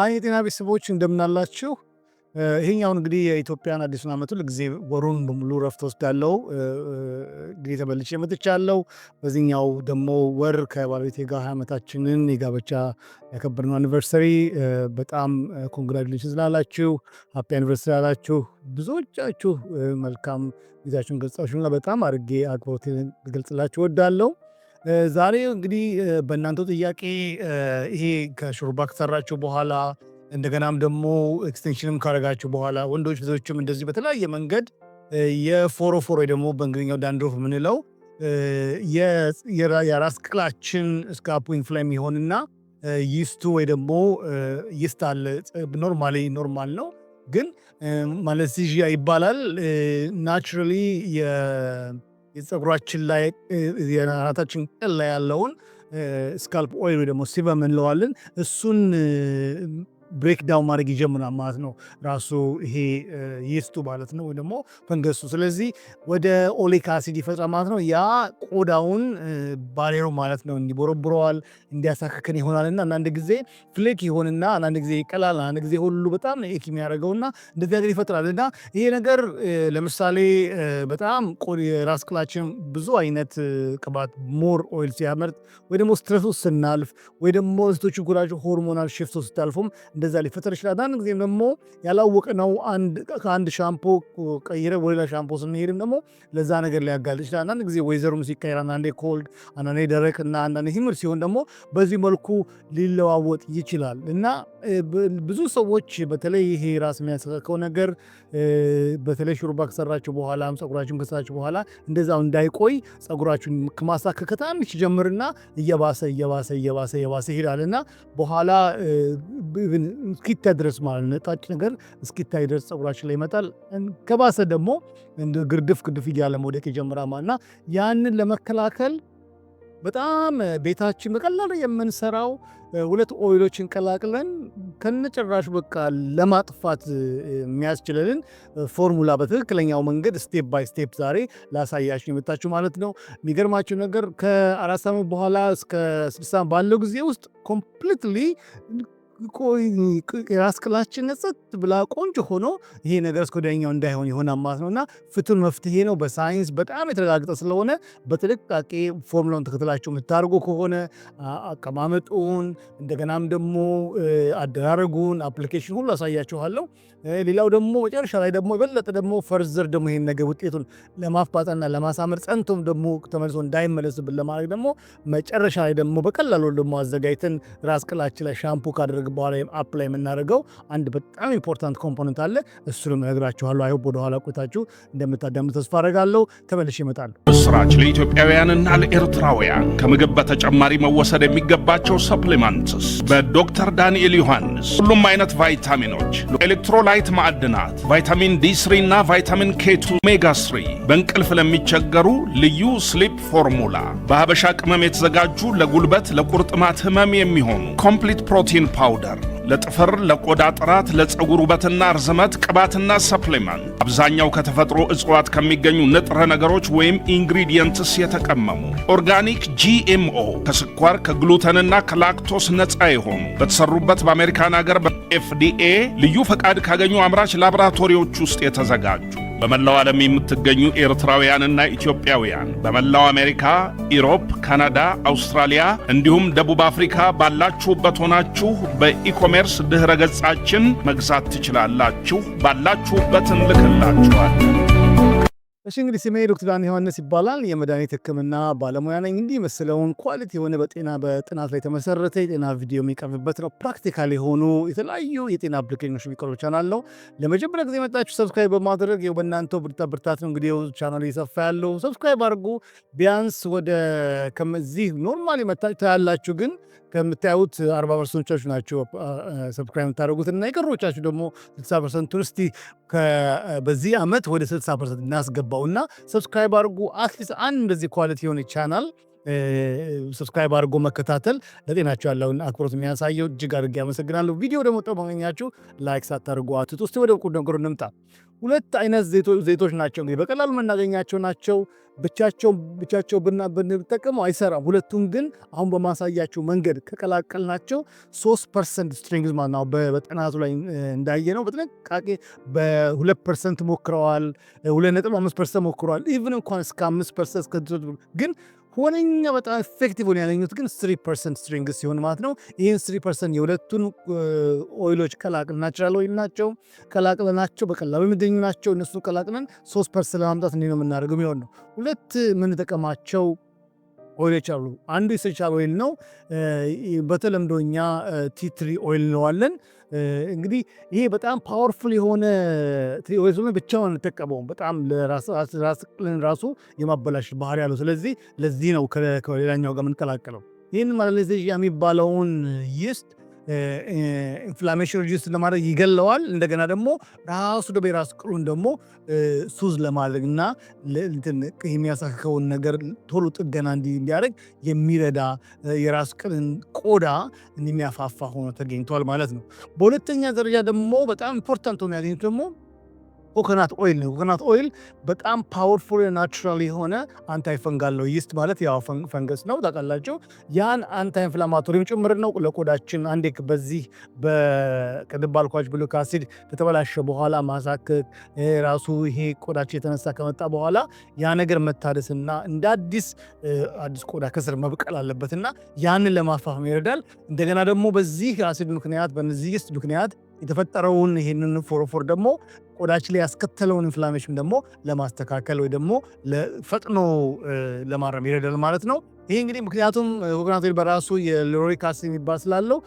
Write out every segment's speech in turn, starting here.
አይ የጤና ቤተሰቦች እንደምናላችሁ። ይሄኛው እንግዲህ የኢትዮጵያን አዲሱን ዓመት ለጊዜ ወሩን በሙሉ ረፍት ወስዳለው። እንግዲህ ተመልሼ መጥቻለሁ። በዚህኛው ደግሞ ወር ከባለቤቴ ጋር ሀያ ዓመታችንን የጋብቻ ያከበርነው አኒቨርሰሪ በጣም ኮንግራጁሌሽን ስላላችሁ ሀፒ አኒቨርሰሪ አላችሁ። ብዙዎቻችሁ መልካም ጊዜያችሁን ገልጻችሁና በጣም አድርጌ አክብሮቴን ልገልጽላችሁ ወዳለው። ዛሬ እንግዲህ በእናንተ ጥያቄ ይሄ ከሹሩባ ከሰራችሁ በኋላ እንደገናም ደግሞ ኤክስቴንሽንም ካደረጋችሁ በኋላ ወንዶች ብዙዎችም እንደዚህ በተለያየ መንገድ የፎሮፎሮ ደግሞ በእንግሊኛው ዳንድሮፍ የምንለው የራስ ቅላችን እስከ አፕ ዊንክ የሚሆንና ይስቱ ወይ ደግሞ ይስት አለ። ኖርማሊ ኖርማል ነው፣ ግን ማለሲዥያ ይባላል ናቹራሊ የፀጉራችን ላይ የአናታችን ቅል ላይ ያለውን ስካልፕ ኦይል ወይ ደግሞ ሲቨም እንለዋለን እሱን ብሬክዳውን ማድረግ ይጀምራል ማለት ነው። ራሱ ይሄ ይስቱ ማለት ነው፣ ወይ ደግሞ ፈንገሱ። ስለዚህ ወደ ኦሊክ አሲድ ይፈጥራል ማለት ነው። ያ ቆዳውን ባሌሮ ማለት ነው እንዲቦረብረዋል እንዲያሳክክን ይሆናል። እና አንዳንድ ጊዜ ፍሌክ ይሆንና አንዳንድ ጊዜ ይቀላል፣ አንዳንድ ጊዜ ሁሉ በጣም ኤክ የሚያደርገው የሚያደርገውና እንደዚህ ነገር ይፈጥራል። እና ይሄ ነገር ለምሳሌ በጣም ራስ ቅላችን ብዙ አይነት ቅባት ሞር ኦይል ሲያመርት ወይ ደግሞ ስትረሱ ስናልፍ ወይ ደግሞ ሴቶች ጉዳቸው ሆርሞናል ሽፍቶ ስታልፉም እንደዛ ሊፈጠር ይችላል። አንዳንድ ጊዜም ደግሞ ነው ከአንድ ሻምፖ ቀይረ ወደሌላ ሻምፖ ስንሄድም ደግሞ ለዛ ነገር ሊያጋልጥ ይችላል። አንዳንድ ጊዜ ወይዘሩም ሲቀየር አንዳንዴ ኮልድ፣ አንዳንዴ ደረቅ እና አንዳንዴ ሂምር ሲሆን ደግሞ በዚህ መልኩ ሊለዋወጥ ይችላል እና ብዙ ሰዎች በተለይ ይሄ ራስ የሚያሰቀቀው ነገር በተለይ ሹሩባ ከሰራችሁ በኋላ ፀጉራችሁን ከሰራችሁ በኋላ እንደዛው እንዳይቆይ ፀጉራችሁን ከማሳከክ ከትንሽ ጀምርና እየባሰ እየባሰ እየባሰ እየባሰ ይሄዳል እና በኋላ እስኪታይ ድረስ ማለት ነው። ነጣጭ ነገር እስኪታይ ድረስ ፀጉራችን ላይ ይመጣል። ከባሰ ደግሞ ግርድፍ ግድፍ እያለ መውደቅ ይጀምራል ማለት እና ያንን ለመከላከል በጣም ቤታችን በቀላሉ የምንሰራው ሁለት ኦይሎችን ቀላቅለን ከነጭራሽ በቃ ለማጥፋት የሚያስችለንን ፎርሙላ በትክክለኛው መንገድ ስቴፕ ባይ ስቴፕ ዛሬ ላሳያችሁ የመጣችሁ ማለት ነው። የሚገርማችሁ ነገር ከአራት ዓመት በኋላ እስከ ስድስት ዓመት ባለው ጊዜ ውስጥ ኮምፕሊትሊ የራስ ቅላችን ጸጥ ብላ ቆንጆ ሆኖ ይሄ ነገር እስከ ወዲያኛው እንዳይሆን የሆነ ማለት ነው እና ፍቱን መፍትሄ ነው። በሳይንስ በጣም የተረጋገጠ ስለሆነ በጥንቃቄ ፎርሙላውን ተከትላችሁ የምታደርጉ ከሆነ አቀማመጡን፣ እንደገናም ደግሞ አደራረጉን፣ አፕሊኬሽን ሁሉ አሳያችኋለሁ። ሌላው ደግሞ መጨረሻ ላይ ደግሞ የበለጠ ደግሞ ፈርዘር ደግሞ ይሄን ነገር ውጤቱን ለማፋጠንና ለማሳመር ጸንቶም ደግሞ ተመልሶ እንዳይመለስብን ለማድረግ ደግሞ መጨረሻ ላይ ደግሞ በቀላሉ ደግሞ አዘጋጅተን ራስ ቅላችን ላይ ሻምፑ ካደረገ በኋላ አፕላይ የምናደርገው አንድ በጣም ኢምፖርታንት ኮምፖነንት አለ። እሱንም እነግራችኋለሁ። አይሆን ወደኋላ ቆይታችሁ እንደምታዳምጡ ተስፋ አደርጋለሁ። ተመልሼ እመጣለሁ። ምስራች ለኢትዮጵያውያንና ለኤርትራውያን ከምግብ በተጨማሪ መወሰድ የሚገባቸው ሰፕሊመንትስ በዶክተር ዳንኤል ዮሐንስ። ሁሉም አይነት ቫይታሚኖች፣ ኤሌክትሮላይት፣ ማዕድናት፣ ቫይታሚን ዲ3 እና ቫይታሚን ኬ2፣ ኦሜጋ 3 በእንቅልፍ ለሚቸገሩ ልዩ ስሊፕ ፎርሙላ በሀበሻ ቅመም የተዘጋጁ ለጉልበት ለቁርጥማት ህመም የሚሆኑ ኮምፕሊት ፕሮቲን ፓውደር ፓውደር ለጥፍር፣ ለቆዳ ጥራት፣ ለፀጉር ውበትና ርዝመት ቅባትና ሰፕሊመንት አብዛኛው ከተፈጥሮ እጽዋት ከሚገኙ ንጥረ ነገሮች ወይም ኢንግሪዲየንትስ የተቀመሙ ኦርጋኒክ፣ ጂኤምኦ፣ ከስኳር ከግሉተንና ከላክቶስ ነፃ የሆኑ በተሰሩበት በአሜሪካን ሀገር በኤፍዲኤ ልዩ ፈቃድ ካገኙ አምራች ላቦራቶሪዎች ውስጥ የተዘጋጁ በመላው ዓለም የምትገኙ ኤርትራውያንና ኢትዮጵያውያን በመላው አሜሪካ፣ ኢሮፕ፣ ካናዳ፣ አውስትራሊያ እንዲሁም ደቡብ አፍሪካ ባላችሁበት ሆናችሁ በኢኮሜርስ ድኅረ ገጻችን መግዛት ትችላላችሁ። ባላችሁበት እንልክላችኋለን። እሺ እንግዲህ ስሜ ዶክተር ዳን ዮሐንስ ይባላል። የመድኃኒት ሕክምና ባለሙያ ነኝ። እንዲህ መስለውን ኳሊቲ የሆነ በጤና በጥናት ላይ የተመሰረተ የጤና ቪዲዮ የሚቀርብበት ነው። ፕራክቲካል የሆኑ የተለያዩ የጤና አፕሊኬሽኖች የሚቀርብ ቻናል ነው። ለመጀመሪያ ጊዜ መጣችሁ ሰብስክራይብ በማድረግ ው በእናንተ ብርታ ብርታት ነው። እንግዲህ ቻናል እየሰፋ ያለው ሰብስክራይብ አድርጉ። ቢያንስ ወደ ከዚህ ኖርማል የመታችሁ ታያላችሁ፣ ግን ከምታዩት አርባ ፐርሰንቶቻችሁ ናቸው ሰብስክራይብ የምታደርጉት እና የቀሮቻችሁ ደግሞ ስልሳ ፐርሰንቱን እስቲ በዚህ ዓመት ወደ ስልሳ ፐርሰንት እናስገባ የሚገባው እና ሰብስክራይብ አድርጉ። አትሊስት አንድ እንደዚህ ኳሊቲ የሆነ ቻናል ሰብስክራይብ አድርጎ መከታተል ለጤናቸው ያለውን አክብሮት የሚያሳየው እጅግ አድርጌ አመሰግናለሁ። ቪዲዮ ደግሞ ጠማኛችሁ ላይክ ሳታደርጉ አትጡ። ውስጥ ወደ ቁድ ነገሩ እንምጣ። ሁለት አይነት ዘይቶች ናቸው እንግዲህ በቀላሉ የምናገኛቸው ናቸው። ብቻቸው ብቻቸው ብንጠቀመው አይሰራም። ሁለቱም ግን አሁን በማሳያቸው መንገድ ከቀላቀል ናቸው ሶስት ፐርሰንት ስትሪንግዝ ማናው በጥናቱ ላይ እንዳየ ነው በጥንቃቄ በሁለት ፐርሰንት ሞክረዋል፣ ሁለት ነጥብ አምስት ፐርሰንት ሞክረዋል። ኢቭን እንኳን እስከ አምስት ፐርሰንት ግን ሆነኛ በጣም ኤፌክቲቭ ሆነ ያገኙት ግን ስሪ ፐርሰንት ስትሪንግ ሲሆን ማለት ነው። ይህን ስሪ ፐርሰንት የሁለቱን ኦይሎች ቀላቅል ናቸራል ኦይል ናቸው ቀላቅለ ናቸው በቀላሉ የሚገኙ ናቸው። እነሱ ቀላቅለን ሶስት ፐርሰንት ለማምጣት እንዲ ነው የምናደርገው የሚሆን ነው። ሁለት የምንጠቀማቸው ኦይሎች አሉ። አንዱ ኢሴንሻል ኦይል ነው። በተለምዶ እኛ ቲትሪ ኦይል ነዋለን እንግዲህ ይሄ በጣም ፓወርፉል የሆነ ቴዎሪዝም ብቻውን አንጠቀመውም። በጣም ራስን ራሱ የማበላሽ ባህሪ ያለው። ስለዚህ ለዚህ ነው ከሌላኛው ጋር የምንቀላቀለው። ይህን ማላይዜሽያ የሚባለውን ይስት ኢንፍላሜሽን ሪዲዩስ ለማድረግ ይገለዋል። እንደገና ደግሞ ራሱ ደግሞ የራስ ቅሉን ደግሞ ሱዝ ለማድረግ እና የሚያሳክከውን ነገር ቶሎ ጥገና እንዲያደርግ የሚረዳ የራስ ቅልን ቆዳ የሚያፋፋ ሆኖ ተገኝቷል ማለት ነው። በሁለተኛ ደረጃ ደግሞ በጣም ኢምፖርታንት ሆኖ ያገኙት ደግሞ ኮኮናት ኦይል ነው። ኮኮናት ኦይል በጣም ፓወርፉል ናቹራል የሆነ አንታይ ፈንጋል ነው። ይስት ማለት ያው ፈንገስ ነው ታውቃላችሁ። ያን አንታይ ኢንፍላማቶሪም ጭምር ነው ለቆዳችን አንዴ በዚህ በቅድም ባልኳችሁ ብሉክ አሲድ ከተበላሸ በኋላ ማሳከክ ራሱ ይሄ ቆዳችን የተነሳ ከመጣ በኋላ ያ ነገር መታደስና እንደ አዲስ አዲስ ቆዳ ከስር መብቀል አለበትና ያንን ለማፋፋም ይረዳል። እንደገና ደግሞ በዚህ አሲድ ምክንያት በነዚህ ይስት ምክንያት የተፈጠረውን ይህንን ፎሮፎር ደግሞ ቆዳችን ላይ ያስከተለውን ኢንፍላሜሽን ደግሞ ለማስተካከል ወይ ደግሞ ፈጥኖ ለማረም ይረዳል ማለት ነው። ይህ እንግዲህ ምክንያቱም ኮኮናት በራሱ የሎሪካስ የሚባል ስላለው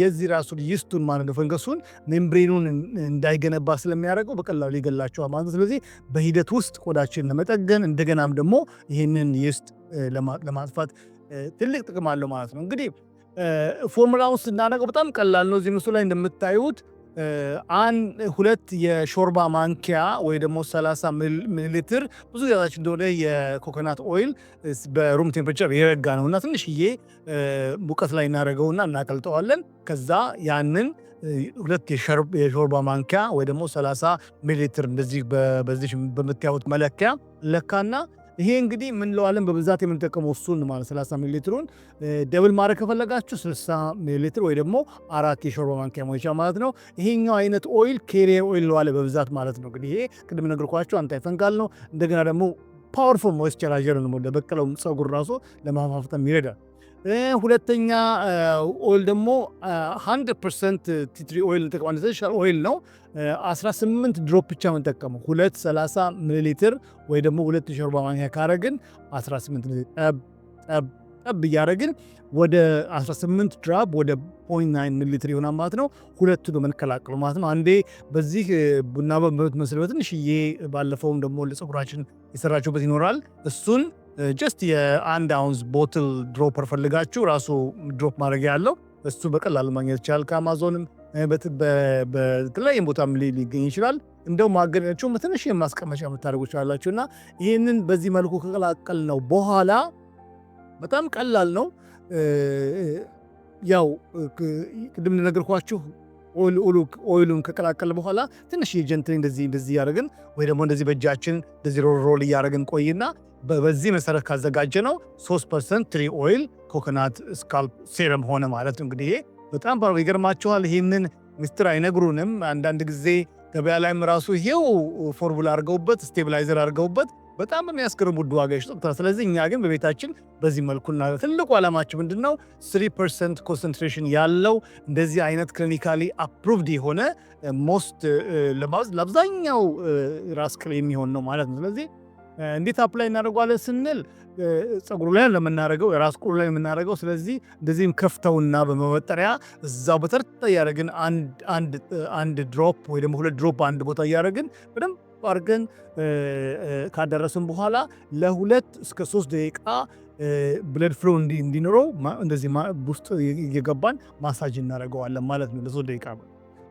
የዚህ ራሱ ይስቱን ማለት ነው ፈንገሱን ሜምብሬኑን እንዳይገነባ ስለሚያደርገው በቀላሉ ይገላቸዋል ማለት ነው። ስለዚህ በሂደት ውስጥ ቆዳችን ለመጠገን እንደገናም ደግሞ ይህንን ይስት ለማጥፋት ትልቅ ጥቅም አለው ማለት ነው። እንግዲህ ፎርሙላውን ስናደርገው በጣም ቀላል ነው። እዚህ ምስሉ ላይ እንደምታዩት አንድ ሁለት የሾርባ ማንኪያ ወይ ደግሞ 30 ሚሊ ሊትር ብዙ ጊዜያችን እንደሆነ የኮኮናት ኦይል በሩም ቴምፕሬቸር የረጋ ነው እና ትንሽዬ ሙቀት ላይ እናደርገውና እናቀልጠዋለን። ከዛ ያንን ሁለት የሾርባ ማንኪያ ወይ ደግሞ 30 ሚሊ ሊትር እንደዚህ በዚህ በምታዩት መለኪያ ለካና ይሄ እንግዲህ ምን የምንለዋለን በብዛት የምንጠቀመው እሱን ማለት 30 ሚሊ ሊትሩን ደብል ማድረግ ከፈለጋችሁ 60 ሚሊ ሊትር ወይ ደግሞ አራት የሾርባ ማንኪያ ሞይቻ ማለት ነው። ይሄኛው አይነት ኦይል ኬሪየር ኦይል ለዋለ በብዛት ማለት ነው። እንግዲህ ይሄ ቅድም ነገርኳችሁ አንታይ ፈንጋል ነው። እንደገና ደግሞ ፓወርፉል ሞይስቸራይዘር ነው። ለበቀለው ፀጉር ራሱ ለማፋፍጠም ይረዳል። ሁለተኛ ኦይል ደግሞ 100 ቲትሪ ኦይል እንጠቀማለን። ኢሰንሻል ኦይል ነው። 18 ድሮፕ ብቻ የምንጠቀመው 230 ሚሊ ሊትር ወይ ደግሞ 2 ሾርባ ማንኪያ ካረግን 18 ጠብ ጠብ ወደ 18 ድራብ ወደ 0.9 ሚሊ ሊትር ይሆናል ማለት ነው። ሁለቱ ነው የምንቀላቅሉ ማለት ነው። አንዴ በዚህ ቡና በመት መስለ በትንሽዬ ባለፈውም ደግሞ ለፀጉራችን የሰራችሁበት ይኖራል እሱን ጀስት የአንድ አውንስ ቦትል ድሮፐር ፈልጋችሁ ራሱ ድሮፕ ማድረግ ያለው እሱ በቀላሉ ማግኘት ይችላል። ከአማዞንም በተለያየ ቦታም ሊገኝ ይችላል። እንደው ማገናቸው ትንሽ የማስቀመጫ የምታደርጉ ይችላላችሁ እና ይህንን በዚህ መልኩ ከቀላቀል ነው በኋላ በጣም ቀላል ነው። ያው ቅድም እንደነገርኳችሁ ኦይሉን ከቀላቀል በኋላ ትንሽ ጀንትሊ እንደዚህ እንደዚህ እያደረግን ወይ ደግሞ እንደዚህ በእጃችን እንደዚህ ሮል እያደረግን ቆይና በዚህ መሰረት ካዘጋጀ ነው 3 ፐርሰንት ትሪ ኦይል ኮኮናት ስካልፕ ሴረም ሆነ ማለት ነው። እንግዲህ በጣም በጣም ይገርማችኋል። ይህንን ምስጢር አይነግሩንም። አንዳንድ ጊዜ ገበያ ላይም ራሱ ይሄው ፎርሙላ አድርገውበት ስቴብላይዘር አድርገውበት በጣም በሚያስገርም ውድ ዋጋ ይሸጡታል። ስለዚህ እኛ ግን በቤታችን በዚህ መልኩ እና ትልቁ ዓላማችን ምንድን ነው? 3 ኮንሰንትሬሽን ያለው እንደዚህ አይነት ክሊኒካሊ አፕሩቭድ የሆነ ሞስት uh, uh, ለአብዛኛው uh, ራስ ቅል የሚሆን ነው ማለት ነው። ስለዚህ እንዴት አፕላይ እናደርጓለን ስንል ፀጉሩ ላይ ለምናደርገው የራስ ቁሩ ላይ የምናደርገው ስለዚህ እንደዚህም ከፍተውና በመበጠሪያ እዛው በተርታ እያደረግን አንድ ድሮፕ ወይ ደግሞ ሁለት ድሮፕ አንድ ቦታ እያደረግን በደንብ አድርገን ካደረስን በኋላ ለሁለት እስከ ሶስት ደቂቃ ብለድ ፍሎ እንዲኖረው እንደዚህ ውስጥ እየገባን ማሳጅ እናደርገዋለን ማለት ነው ለሶስት ደቂቃ።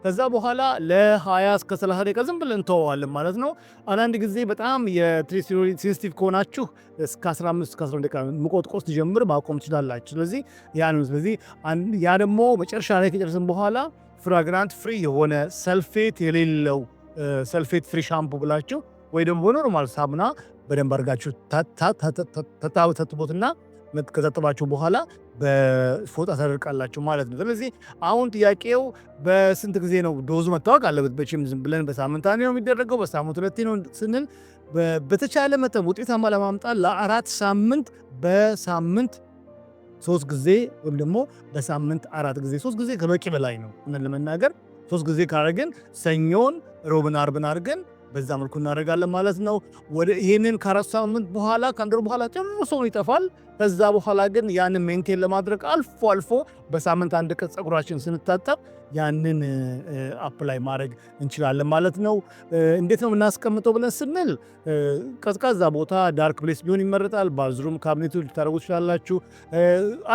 ከዛ በኋላ ለ20 እስከ 30 ደቂቃ ዝም ብለን እንተዋዋለን ማለት ነው። አንዳንድ ጊዜ በጣም የሴንስቲቭ ከሆናችሁ እስከ 15 እስከ 11 ደቂቃ መቆጥቆጥ ጀምር ማቆም ትችላላችሁ። ስለዚህ ያ ነው። ስለዚህ ያ ደግሞ መጨረሻ ላይ ከጨረስን በኋላ ፍራግራንት ፍሪ የሆነ ሰልፌት የሌለው ሰልፌት ፍሪ ሻምፑ ብላችሁ ወይ ደግሞ ኖርማል ሳሙና በደንብ አድርጋችሁ ተታተትቦትና ከታጠባችሁ በኋላ በፎጣ ታደርቃላችሁ ማለት ነው። ስለዚህ አሁን ጥያቄው በስንት ጊዜ ነው ዶዙ መታወቅ አለበት። በችም ዝም ብለን በሳምንት አንዴ ነው የሚደረገው በሳምንት ሁለቴ ነው ስንል በተቻለ መጠን ውጤታማ ለማምጣት ለአራት ሳምንት በሳምንት ሶስት ጊዜ ወይም ደግሞ በሳምንት አራት ጊዜ ሶስት ጊዜ ከበቂ በላይ ነው ለመናገር ሶስት ጊዜ ካረግን ሰኞን ሮብን አርብን አድርገን በዛ መልኩ እናደርጋለን ማለት ነው። ወደ ይህንን ከአራት ሳምንት በኋላ ከአንድ በኋላ ጨርሶ ይጠፋል። ከዛ በኋላ ግን ያንን ሜንቴን ለማድረግ አልፎ አልፎ በሳምንት አንድ ቀን ፀጉራችን ስንታጠብ ያንን አፕላይ ማድረግ እንችላለን ማለት ነው። እንዴት ነው የምናስቀምጠው ብለን ስንል ቀዝቃዛ ቦታ ዳርክ ፕሌስ ቢሆን ይመረጣል። ባዝሩም ካቢኔቱ ልታደረጉ ትችላላችሁ።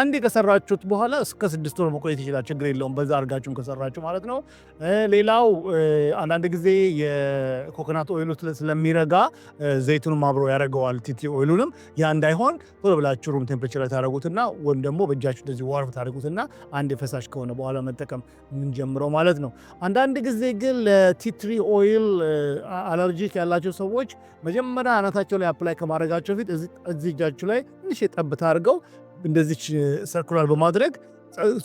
አንዴ ከሰራችሁት በኋላ እስከ ስድስት ወር መቆየት ይችላል። ችግር የለውም። በዛ አድርጋችሁም ከሰራችሁ ማለት ነው። ሌላው አንዳንድ ጊዜ የኮኮናት ኦይሉ ስለሚረጋ ዘይቱንም አብሮ ያደርገዋል ቲቲ ኦይሉንም። ያ እንዳይሆን ቶሎ ብላችሁ ሩም ቴምፕሬቸር ላይ ታደረጉትና ወይም ደግሞ በእጃችሁ እንደዚህ ዋርፍ ታደረጉትና አንድ የፈሳሽ ከሆነ በኋላ መጠቀም የምንጀምረው ማለት ነው። አንዳንድ ጊዜ ግን ለቲትሪ ኦይል አለርጂክ ያላቸው ሰዎች መጀመሪያ አናታቸው ላይ አፕላይ ከማድረጋቸው ፊት እዚህ እጃችሁ ላይ ትንሽ የጠብታ አድርገው እንደዚች ሰርኩላር በማድረግ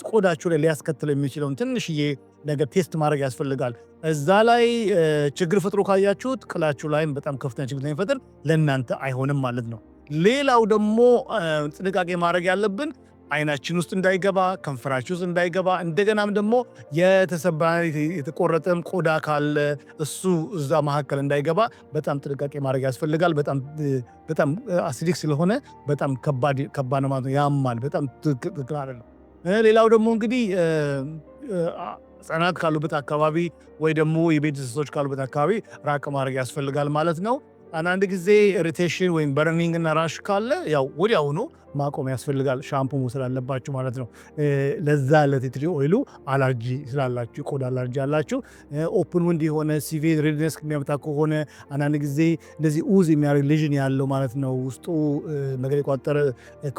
ቆዳችሁ ላይ ሊያስከትል የሚችለውን ትንሽዬ ነገር ቴስት ማድረግ ያስፈልጋል። እዛ ላይ ችግር ፈጥሮ ካያችሁት ቅላችሁ ላይም በጣም ከፍተኛ ችግር ስለሚፈጥር ለእናንተ አይሆንም ማለት ነው። ሌላው ደግሞ ጥንቃቄ ማድረግ ያለብን አይናችን ውስጥ እንዳይገባ፣ ከንፈራችን ውስጥ እንዳይገባ፣ እንደገናም ደግሞ የተሰበረ የተቆረጠም ቆዳ ካለ እሱ እዛ መካከል እንዳይገባ በጣም ጥንቃቄ ማድረግ ያስፈልጋል። በጣም አሲዲክ ስለሆነ በጣም ከባድ ነው ማለት ያማል። በጣም ትክክል አይደለም። ሌላው ደግሞ እንግዲህ ህጻናት ካሉበት አካባቢ ወይ ደግሞ የቤት እንስሶች ካሉበት አካባቢ ራቅ ማድረግ ያስፈልጋል ማለት ነው። አንዳንድ ጊዜ ኢሪቴሽን ወይም በርኒንግ እና ራሽ ካለ ያው ወዲያውኑ ማቆም ያስፈልጋል፣ ሻምፑ መውሰድ አለባችሁ ማለት ነው። ለዛ ለቴ ኦይሉ አላርጂ ስላላችሁ ቆዳ አላርጂ አላችሁ፣ ኦፕን ውንድ የሆነ ሲቪ ሬድነስ የሚያመጣ ከሆነ አንዳንድ ጊዜ እንደዚህ ኡዝ የሚያደርግ ልዥን ያለው ማለት ነው ውስጡ መገድ የቋጠረ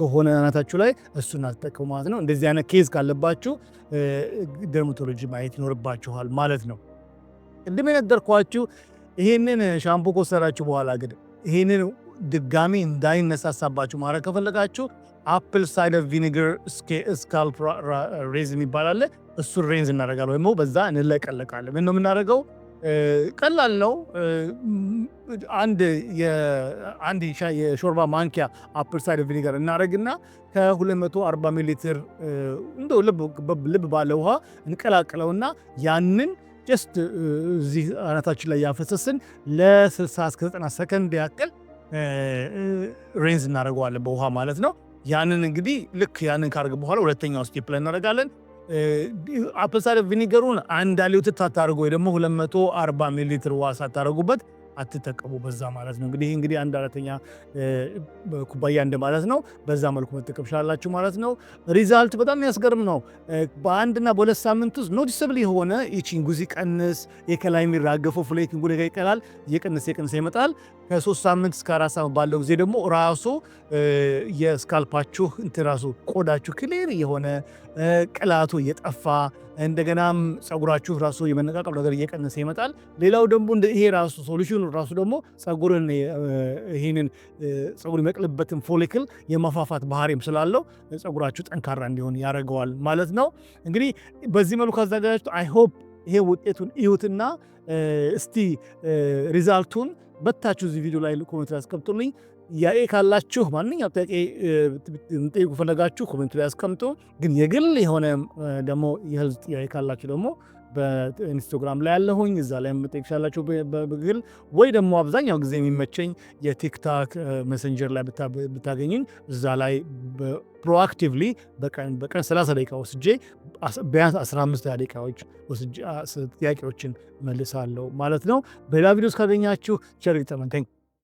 ከሆነ አናታችሁ ላይ እሱን አትጠቀሙ ማለት ነው። እንደዚህ አይነት ኬዝ ካለባችሁ ደርማቶሎጂ ማየት ይኖርባችኋል ማለት ነው። እንደሚነገርኳችሁ ይሄንን ሻምፖ ከወሰዳችሁ በኋላ ግን ይሄንን ድጋሚ እንዳይነሳሳባችሁ ማድረግ ከፈለጋችሁ አፕል ሳይደር ቪኒገር ስካልፕ ሬዝ የሚባል እሱ ሬንዝ እናደርጋለን ወይም በዛ እንለቀለቃለን። ምን ነው የምናደርገው? ቀላል ነው። አንድ የሾርባ ማንኪያ አፕል ሳይደር ቪኒገር እናደርግና ከ240 ሚሊ ሊትር እንደ ልብ ባለ ውሃ እንቀላቅለውና ያንን ጀስት እዚህ አናታችን ላይ ያፈሰስን ለ60 እስከ 90 ሰከንድ ያክል ሬንዝ እናደርገዋለን በውሃ ማለት ነው። ያንን እንግዲህ ልክ ያንን ካርግ በኋላ ሁለተኛው ስቴፕ ላይ እናደርጋለን። አፕል ሳይደር ቪኒገሩን አንድ ሊትር ሳታደርጉ ወይ ደግሞ 240 ሚሊ ሊትር ውሃ ሳታደርጉበት አትጠቀሙ በዛ ማለት ነው። እንግዲህ እንግዲህ አንድ አራተኛ ኩባያ እንደማለት ነው። በዛ መልኩ መጠቀም ሻላችሁ ማለት ነው። ሪዛልት በጣም የሚያስገርም ነው። በአንድና በሁለት ሳምንት ውስጥ ኖቲስብል የሆነ የቺንጉዝ ይቀንስ፣ የከላይ የሚራገፈው ፍሌቲንጉ ደጋ ይቀላል፣ እየቀነሰ እየቀነሰ ይመጣል። ከሶስት ሳምንት እስከ አራት ሳምንት ባለው ጊዜ ደግሞ ራሱ የስካልፓችሁ እንትን ራሱ ቆዳችሁ ክሌር የሆነ ቅላቱ እየጠፋ እንደገናም ፀጉራችሁ ራሱ የመነቃቀሉ ነገር እየቀነሰ ይመጣል። ሌላው ደግሞ ይሄ ራሱ ሶሉሽኑ ራሱ ደግሞ ፀጉርን ይህንን ፀጉር የሚበቅልበትን ፎሊክል የማፋፋት ባህሪም ስላለው ፀጉራችሁ ጠንካራ እንዲሆን ያደርገዋል ማለት ነው። እንግዲህ በዚህ መልኩ አዘጋጃችሁ አይሆፕ ይሄ ውጤቱን እዩትና እስቲ ሪዛልቱን በታችሁ እዚህ ቪዲዮ ላይ ኮሜንት ያስቀምጡልኝ። ጥያቄ ካላችሁ ማንኛው ጥያቄ እንጠይቁ ፈለጋችሁ ኮሜንት ላይ አስቀምጡ። ግን የግል የሆነ ደግሞ የህዝብ ጥያቄ ካላችሁ ደግሞ በኢንስታግራም ላይ ያለሁኝ እዛ ላይ መጠየቅ በግል ወይ ደግሞ አብዛኛው ጊዜ የሚመቸኝ የቲክታክ መሰንጀር ላይ ብታገኙኝ እዛ ላይ ፕሮአክቲቭሊ በቀን 30 ደቂቃ ወስጄ ቢያንስ 15 ደቂቃዎች ጥያቄዎችን መልሳለሁ ማለት ነው። በሌላ ቪዲዮ እስካገኛችሁ ቸር ይግጠመን።